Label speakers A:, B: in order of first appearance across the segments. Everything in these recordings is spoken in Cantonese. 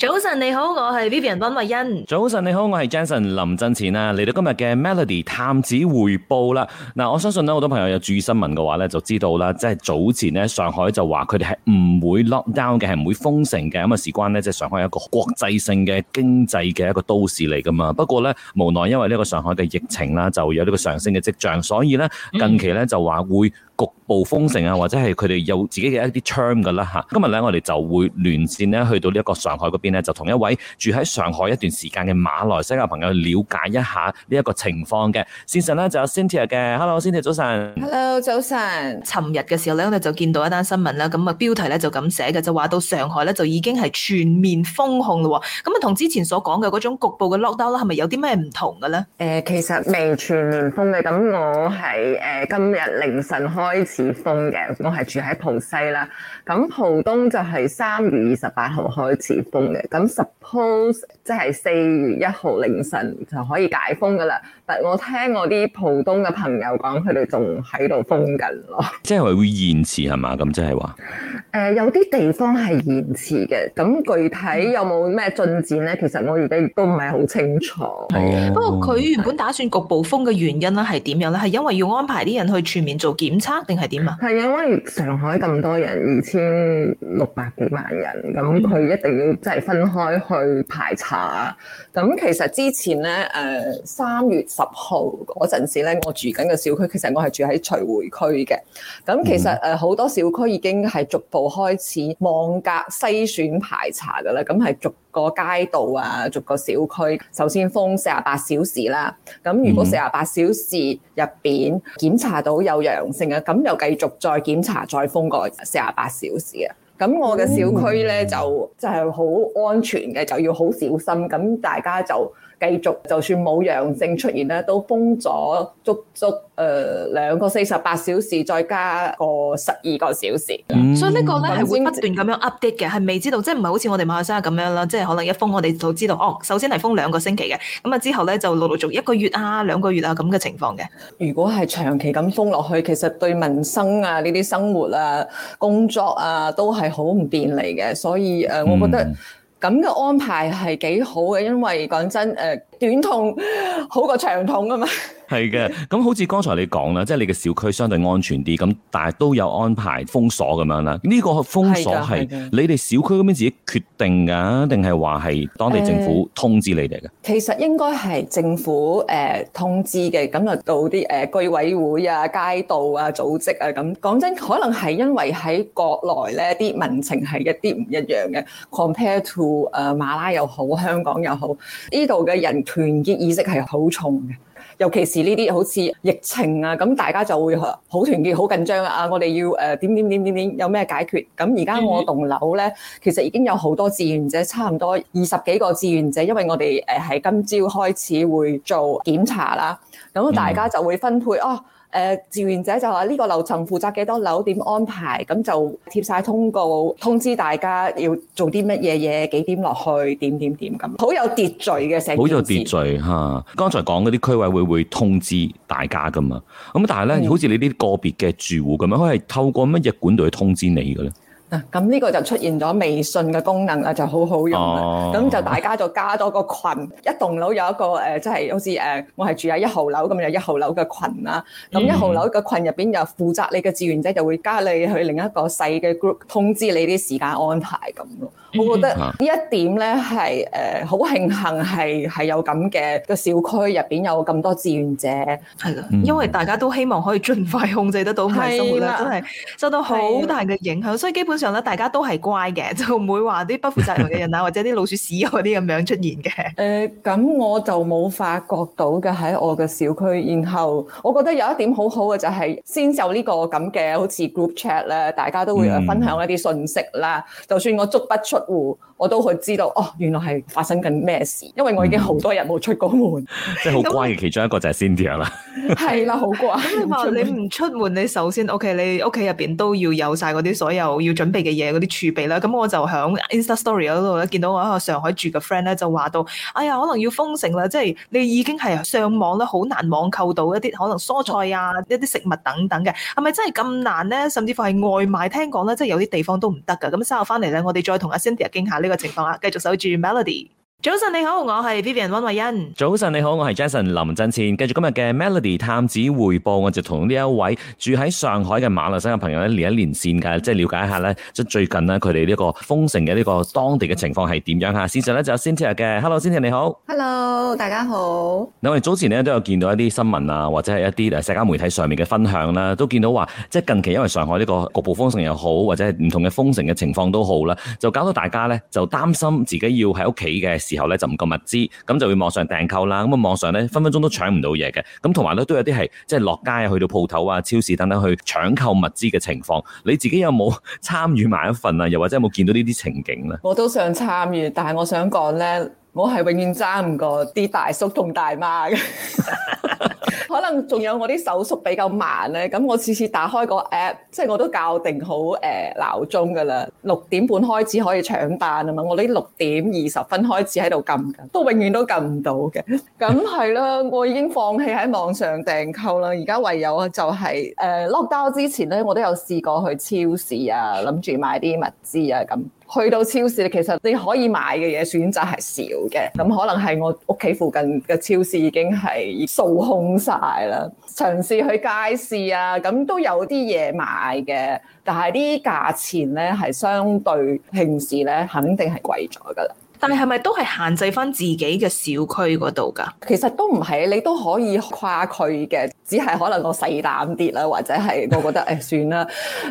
A: 早晨你好，我係 Vivian 溫慧欣。
B: 早晨你好，我係 Jason 林振前啊，嚟到今日嘅 Melody 探子回報啦。嗱、啊，我相信咧，好多朋友有注意新聞嘅話咧，就知道啦，即、就、係、是、早前咧，上海就話佢哋係唔會 lock down 嘅，係唔會封城嘅。咁啊，事關咧，即係上海係一個國際性嘅經濟嘅一個都市嚟噶嘛。不過咧，無奈因為呢個上海嘅疫情啦，就有呢個上升嘅跡象，所以咧近期咧就話會。局部封城啊，或者係佢哋有自己嘅一啲 term 㗎啦吓，今日咧，我哋就會連線咧，去到呢一個上海嗰邊咧，就同一位住喺上海一段時間嘅馬來西亞朋友去了解一下呢一個情況嘅。線上咧就有 Cynthia 嘅，Hello，Cynthia，早晨。
A: Hello，早晨。尋日嘅時候咧，我哋就見到一單新聞啦。咁啊，標題咧就咁寫嘅，就話到上海咧就已經係全面封控咯，咁啊，同之前所講嘅嗰種局部嘅 lockdown 啦，係咪有啲咩唔同嘅咧？誒、呃、其實未全面封嘅。咁我係誒、呃、今日凌晨開。開始封嘅，我
C: 係住喺浦西啦。咁浦東就係三月二十八號開始封嘅。咁 suppose 即係四月一號凌晨就可以解封㗎喇。我聽我啲浦東嘅朋友講，佢哋仲喺度封緊咯，
B: 即係話會延遲係嘛？咁即係話
C: 誒，有啲地方係延遲嘅。咁具體有冇咩進展咧？其實我而家亦都唔係好清楚。
B: 係啊、哦。不過
A: 佢原本打算局部封嘅原因咧係點樣咧？係因為要安排啲人去全面做檢測定係點啊？係因為
C: 上海咁多人，二千六百幾萬人，咁佢一定要即係分開去排查。咁其實之前咧，誒、呃、三月十號嗰陣時咧，我住緊嘅小區，其實我係住喺徐匯區嘅。咁其實誒，好多小區已經係逐步開始網格篩選排查噶啦。咁係逐個街道啊，逐個小區，首先封四十八小時啦。咁如果四十八小時入邊檢查到有陽性啊，咁又繼續再檢查，再封個四十八小時啊。咁我嘅小區咧就就係好安全嘅，就要好小心。咁大家就。繼續就算冇陽性出現咧，都
A: 封咗足足誒、呃、兩個四十八小時，再加個十二個小時。嗯、所以呢個咧係會不斷咁樣 update 嘅，係未、嗯、知道，即唔係好似我哋馬來西亞咁樣啦？即、就、係、是、可能一封我哋就知道，哦，首先係封兩個星期嘅，咁啊之後咧就陸陸續一個月啊、兩個月啊咁嘅情況嘅。如果係長期咁封落去，其實對民生啊、呢啲生活
C: 啊、工作啊都係好唔便利嘅，所以我覺得。嗯咁嘅安排係幾好嘅，因為講真，誒短痛好過長痛啊嘛。
B: 係嘅，咁好似剛才你講啦，即係你嘅小區相對安全啲，咁但係都有安排封鎖咁樣啦。呢個封鎖係你哋小區邊自己決定㗎，定係話係當地政府通知你哋嘅？
C: 欸，其實應該係政府誒，呃，通知嘅，咁啊到啲誒居委會啊、街道啊、組織啊咁。講真，可能係因為喺國內咧，啲民情係一啲唔一樣嘅。Compare to 誒馬拉又好，香港又好，呢度嘅人團結意識係好重嘅。尤其是呢啲好似疫情啊，咁大家就會好團結、好緊張啊！我哋要誒點點點點點有咩解決？咁而家我棟樓咧，其實已經有好多志願者，差唔多二十幾個志願者，因為我哋誒喺今朝開始會做檢查啦，咁大家就會分配哦。嗯誒、呃，志願者就話呢個樓層負責幾多樓點安排，咁就貼晒通告通知大家要做啲乜嘢嘢，幾點落去，點點點咁。好有秩序嘅成件事。好有秩
B: 序吓、啊、剛才講嗰啲區委會會通知大家噶嘛，咁但係咧，好似你啲個別嘅住戶咁樣，佢係、嗯、透過乜嘢管道去通知你嘅咧？
C: 嗱，咁呢個就出現咗微信嘅功能啦，就好好用啦。咁、oh. 就大家就加多個群，一棟樓有一個誒，即、呃、係、就是、好似誒、呃，我係住喺一號樓咁，有一號樓嘅群啦。咁一號樓嘅群入面就負責你嘅志願者，就會加你去另一個細嘅 group 通知你啲時間安排咁咯。我覺得呢一點咧係誒好慶幸，係係有咁嘅個小區入邊有咁多志願
A: 者，係咯，因為大家都希望可以盡快控制得到，唔係生活啦，真係受到好大嘅影響，的所以基本上咧大家都係乖嘅，就唔會話啲不負責任嘅人啊，或者啲老鼠屎嗰啲咁樣出現嘅。誒、 呃，
C: 咁我就冇發覺到嘅喺我嘅小區，然後我覺得有一點好好嘅就係先就呢個咁嘅好似 group chat 咧，大家都會分享一啲信息啦，嗯、就算我捉不出。戶我都去知道哦，
A: 原來係發生緊咩事，因為我已經好多日冇出過門，嗯、即係好乖
B: 其中一個就係 Cindy 啦，
A: 係 啦，好乖。咁你話你唔出門，你首先 OK，你屋企入邊都要有晒嗰啲所有要準備嘅嘢，嗰啲儲備啦。咁我就喺 Insta Story 嗰度咧，見到我一個上海住嘅 friend 咧，就話到：哎呀，可能要封城啦，即係你已經係上網咧，好難網購到一啲可能蔬菜啊，一啲食物等等嘅，係咪真係咁難咧？甚至乎係外賣，聽講咧，即係有啲地方都唔得㗎。咁稍後翻嚟咧，我哋再同阿。先睇下經下呢個情況啦，繼續守住 Melody。Mel 早晨你好，我係 Vivian 溫慧欣。
B: 早晨你好，我係 Jason 林振前。繼續今日嘅 Melody 探子匯報，我就同呢一位住喺上海嘅馬來西亞朋友咧連一連線嘅，即係了解一下咧，即係最近咧佢哋呢個封城嘅呢個當地嘅情況係點樣吓。事實上咧就係先 Sir 嘅，Hello 先 Sir 你好
C: ，Hello 大家好。
B: 嗱我哋早前咧都有見到一啲新聞啊，或者係一啲誒社交媒體上面嘅分享啦，都見到話即係近期因為上海呢個局部封城又好，或者係唔同嘅封城嘅情況都好啦，就搞到大家咧就擔心自己要喺屋企嘅時候咧就唔夠物資，咁就會網上訂購啦。咁啊網上咧分分鐘都搶唔到嘢嘅。咁同埋咧都有啲係即係落街去到鋪頭啊、超市等等去搶購物資嘅情況。你自己有冇參與埋一份啊？又或者有冇見到呢啲情景咧？
C: 我都想參與，但係我想講咧，我係永遠爭唔過啲大叔同大媽嘅。 可能仲有我啲手速比較慢咧，咁我次次打開個 app，即係我都校定好誒、uh, 鬧鐘噶啦，六點半開始可以搶單啊嘛，我呢六點二十分開始喺度撳緊，都永遠都撳唔到嘅。咁係啦，我已經放棄喺網上訂購啦，而家唯有就係、是、誒、uh, lock down 之前咧，我都有試過去超市啊，諗住買啲物資啊咁。去到超市，其實你可以買嘅嘢選擇係少嘅，咁可能係我屋企附近嘅超市已經係掃空晒啦。嘗試去街市啊，咁都有啲嘢買嘅，但係啲價錢呢，係相對平時呢肯定係貴咗噶啦。
A: 但係係咪都係限制翻自己嘅小區嗰度噶？
C: 其實都唔係，你都可以跨區嘅，只係可能我細膽啲啦，或者係我覺得誒、 哎、算啦，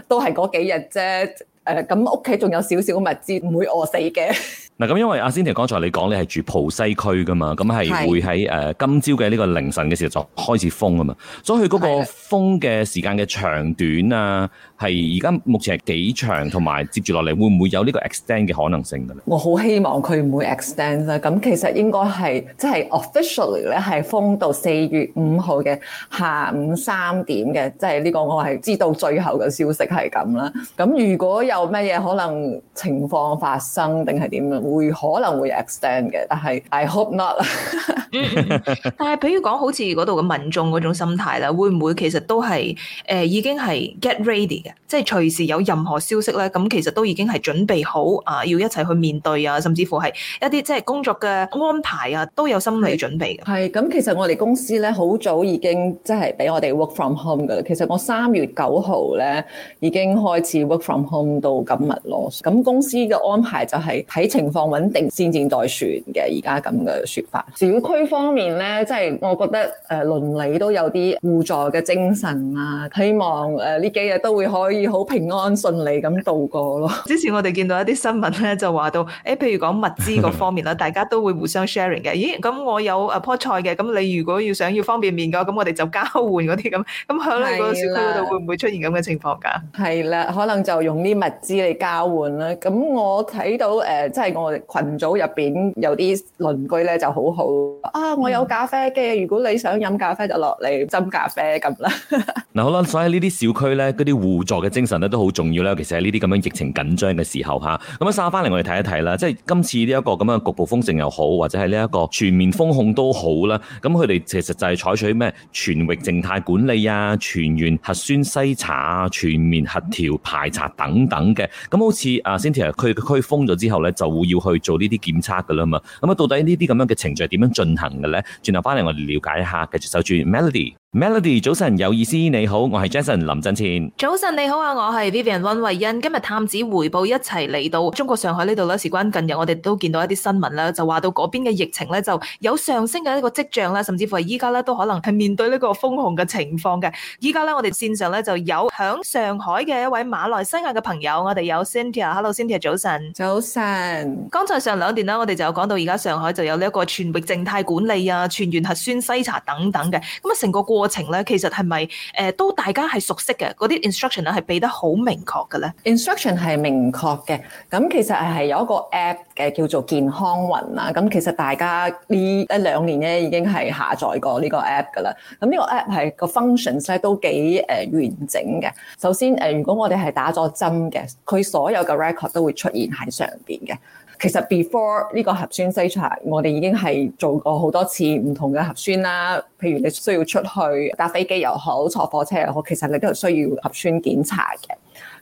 C: 都係嗰幾日啫。誒咁屋企仲有少少物資，唔會餓死嘅。
B: 嗱咁，因為阿 Cindy 剛才你講你係住浦西區噶嘛，咁係會喺誒的、呃、今朝嘅呢個凌晨嘅時候就開始封啊嘛，所以佢嗰個封嘅時間嘅長短啊，係而家目前係幾長，同埋接住落嚟會唔會有呢個 extend 嘅可能性嘅咧？
C: 我好希望佢唔會 extend 啦。咁其實應該係即係 officially 咧係封到四月五號嘅下午三點嘅，即係呢個我係知道最後嘅消息係咁啦。咁如果有有咩嘢可能情況發生定係點樣會可能
A: 會 extend 嘅，但係 I hope not、 嗯。但係比如講好似嗰度嘅民眾嗰種心態啦，會唔會其實都係誒、呃、已經係 get ready 嘅，即係隨時有任何消息咧，咁其實都已經係準備好啊、呃，要一齊去面對啊，甚至乎係一啲即係工作嘅安排啊，都有心理準備嘅。係咁，其實我哋公司咧好早
C: 已經即係俾我哋 work from home 噶啦。其實我三月九號咧已經開始 work from home。到今日咯，咁公司嘅安排就係睇情況穩定先，至再算嘅。而家咁嘅說法，小區方面咧，即係我覺得誒鄰里都有啲互助嘅精神啊，希望誒呢幾日都會可以好平
A: 安順利咁度過咯。之前我哋見到一啲新聞咧，就話到誒，譬如講物資嗰方面啦，大家都會互相 sharing 嘅。咦，咁我有誒棵菜嘅，咁你如果要想要方便麵嘅，咁我哋就交換嗰啲咁。咁喺你個小區嗰度會唔會出現咁嘅情況噶？
C: 係啦，可能就用啲物。資嚟交換啦，咁我睇到即係、呃就是、我哋群組入面有啲鄰居咧就好好啊！我有咖啡機，嗯、如果你想飲咖啡就落嚟斟咖啡咁啦。
B: 嗱、 嗯、好啦，所以呢啲小區咧，嗰啲互助嘅精神咧都好重要啦。尤其係喺呢啲咁樣疫情緊張嘅時候、啊、下咁樣翻返嚟我哋睇一睇啦，即係今次呢一個咁樣局部封城又好，或者係呢一個全面封控都好啦。咁佢哋其實就係採取咩全域靜態管理啊、全員核酸篩查啊、全面核調排查等等。等嘅，咁好似啊，先條嘅區封咗之後咧，就會要去做呢啲檢測噶啦嘛。咁啊，到底呢啲咁樣嘅程序係點樣進行嘅咧？轉頭翻嚟我哋了解一下，繼續守住 Melody。Melody，早晨有意思，你好，我係 Jason 林振前。
A: 早晨你好啊，我係 Vivian 溫慧欣。今日探子回報一齊嚟到中國上海呢度咧，事關近日我哋都見到一啲新聞啦，就話到嗰邊嘅疫情咧就有上升嘅一個跡象啦，甚至乎係依家咧都可能係面對呢個封控嘅情況嘅。依家咧我哋綫上咧就有響上海嘅一位馬來西亞嘅朋友，我哋有 Cynthia，Hello Cynthia，早晨。早晨。剛才上兩段啦，我哋就有講到而家上海就有呢一個全域靜態管理啊，全員核酸篩查等等嘅，咁啊成個過過程咧，其實係咪誒都大家係熟悉嘅嗰啲 instruction 咧，係俾得好明確嘅咧？Instruction 係明確嘅。咁其實係有一個 app 嘅叫做健康
C: 雲啦。咁其實大家呢一兩年咧已經係下載過呢個 app 噶啦。咁呢個 app 係個 function s 都幾誒完整嘅。首先誒，如果我哋係打咗針嘅，佢所有嘅 record 都會出現喺上面嘅。其實 before 呢個核酸篩查，我哋已經係做過好多次唔同嘅核酸啦。譬如你需要出去搭飛機又好，坐火車又好，其實你都係需要核酸檢查嘅。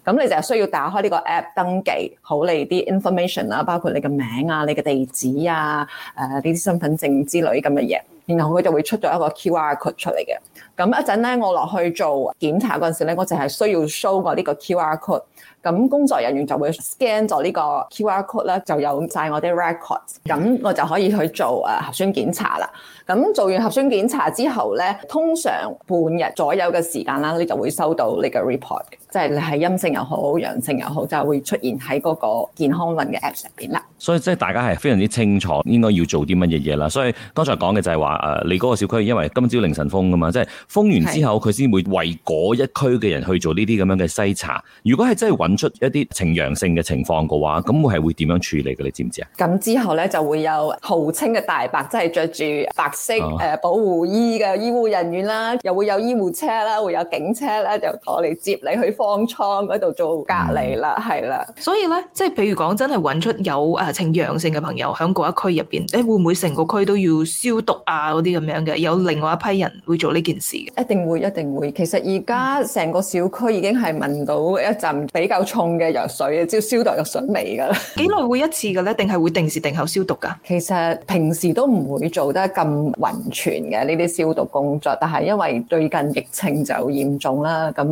C: 咁你就係需要打開呢個 app 登記好你啲 information 啊，包括你嘅名啊、你嘅地址啊、呢、呃、啲身份證之類咁嘅嘢，然後佢就會出咗一個 QR code 出嚟嘅。咁一陣咧，我落去做檢查嗰陣時咧，我就係需要 show 我呢個 QR code。咁工作人員就會 scan 咗呢個 QR code 咧，就有晒我啲 records。咁我就可以去做誒核酸檢查啦。咁做完核酸檢查之後咧，通常半日左右嘅時間啦，你就會收到你嘅 report，即係你係陰性又好，陽性又好，就會出現喺嗰個健康雲嘅 app 上面啦。
B: 所以即係大家係非常之清楚應該要做啲乜嘢嘢啦。所以剛才講嘅就係話誒，你嗰個小區因為今朝凌晨封噶嘛，即係。封完之後，佢先會為嗰一區嘅人去做呢啲咁樣嘅篩查。如果係真係揾出一啲呈陽性嘅情況嘅話，咁會係會點樣處理嘅？你知唔知啊？
C: 咁之後呢，就會有號稱嘅大白，即係着住白色誒保護衣嘅醫護人員啦，哦、又會有醫護車啦，會有警車咧，就過嚟接你去方艙嗰度做隔離啦，係啦、嗯。
A: 的所以呢，即係譬如講，真係揾出有誒呈陽性嘅朋友喺嗰一區入邊，誒、欸、會唔會成個區都要消毒啊？嗰啲咁樣嘅，有另外一批人會做呢件事。
C: 一定會，一定會。其實而家成個小區已經係聞到一陣比較重嘅藥水，即消毒藥水味噶啦。
A: 幾耐會一次嘅咧？定係會定時定候消毒
C: 噶？其實平時都唔會做得咁勻全嘅呢啲消毒工作，但係因為最近疫情就嚴重啦，咁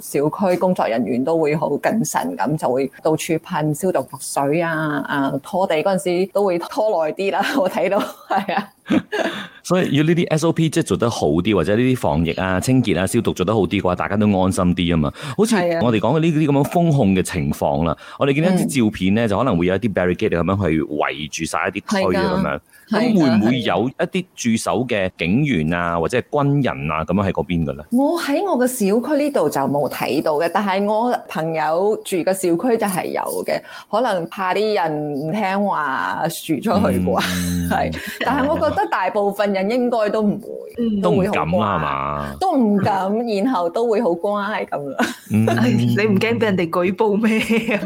C: 誒小區工作人員都會好謹慎，咁就會到處噴消毒藥水啊！啊拖地嗰陣時都會拖耐啲啦。我睇到係啊。
B: 所以要呢啲 SOP 即係做得好啲，或者呢啲防疫啊、清潔啊、消毒做得好啲嘅話，大家都安心啲啊嘛。好似我哋講嘅呢啲咁樣封控嘅情況啦，我哋見到一啲照片咧，就可能會有一啲 barrier gate 咁樣去圍住晒一啲區啊咁樣，咁會唔會有一啲駐守嘅警員啊，或者係軍人啊咁樣喺嗰邊嘅咧？
C: 我喺我嘅小區呢度就冇睇到嘅，但係我朋友住嘅小區就係有嘅，可能怕啲人唔聽話輸出
B: 去啩。
C: 係、嗯， 但係我覺得大部分人。應該都唔會，嗯、都唔敢
B: 啊嘛，都唔
A: 敢， 然後都會好乖咁啦。嗯、 你唔驚俾人哋舉報咩？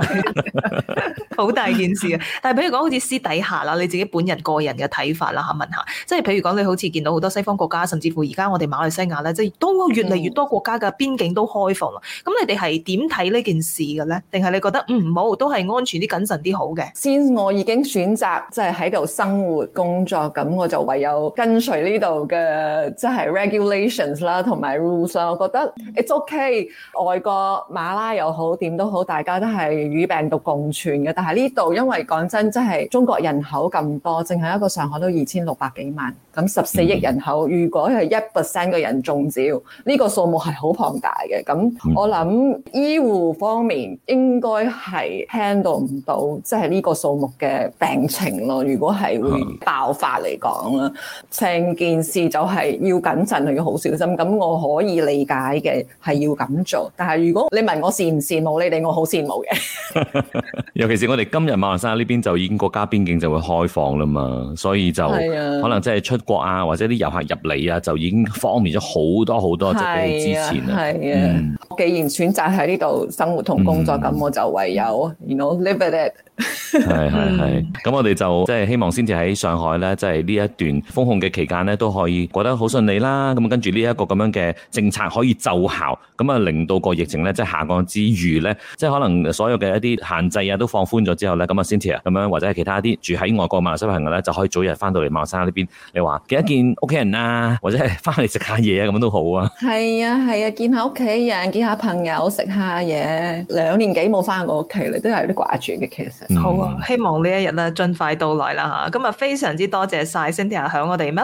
A: 好 大件事啊！但係譬如講，好似私底下啦，你自己本人個人嘅睇法啦嚇，問下，即係譬如講，你好似見到好多西方國家，甚至乎而家我哋馬來西亞咧，即係都越嚟越多國家嘅邊境都開放啦。咁、嗯、你哋係點睇呢件事嘅咧？定係你覺得嗯唔好？都係安全啲、謹慎啲好嘅？先，我已經選擇即係
C: 喺度生活工作，咁我就唯有跟。除呢度嘅即係 regulations 啦，同埋 rules 啦，我覺得 it's okay 外國馬拉又好點都好，大家都係與病毒共存嘅。但係呢度因為講真，即係中國人口咁多，淨係一個上海都二千六百幾萬，咁十四億人口，嗯、如果係一 percent 嘅人中招，呢、呢個數目係好龐大嘅。咁我諗醫護方面應該係 handle 唔到，即係呢個數目嘅病情咯。如果係會爆發嚟講啦。成件事就係要謹慎，要好小心。咁我可以理解嘅係要咁做。但係如果你問我羨唔羨慕你哋，我好羨慕嘅。
B: 尤其是我哋今日馬來西亞呢邊就已經國家邊境就會開放啦嘛，所以就是、啊、可能即係出國啊，或者啲遊客入嚟啊，就已經方便咗好多好多，即係比之前係
C: 啊，啊嗯、既然選擇喺呢度生活同工作，咁、嗯、我就唯有，you know，live it 。
B: 係係係。咁我哋就即係、就是、希望先至喺上海咧，即係呢一段封控嘅。期間咧都可以過得好順利啦，咁跟住呢一個咁樣嘅政策可以奏效，咁啊令到個疫情咧即係下降之餘咧，即係可能所有嘅一啲限制啊都放寬咗之後咧，咁啊 Cynthia 咁樣或者係其他啲住喺外國馬來西亞朋友咧就可以早日翻到嚟馬來西亞呢邊，你話見一見屋企人啊，或者係翻嚟食下嘢啊，咁樣都好啊。
C: 係啊係啊，見下屋企人，見下朋友，食下嘢，兩年幾冇翻過屋企，你都係有啲掛住嘅其實。好啊，
A: 嗯、希望一呢一日咧盡快到來啦嚇，咁啊非常之多謝晒 Cynthia 喺我哋乜。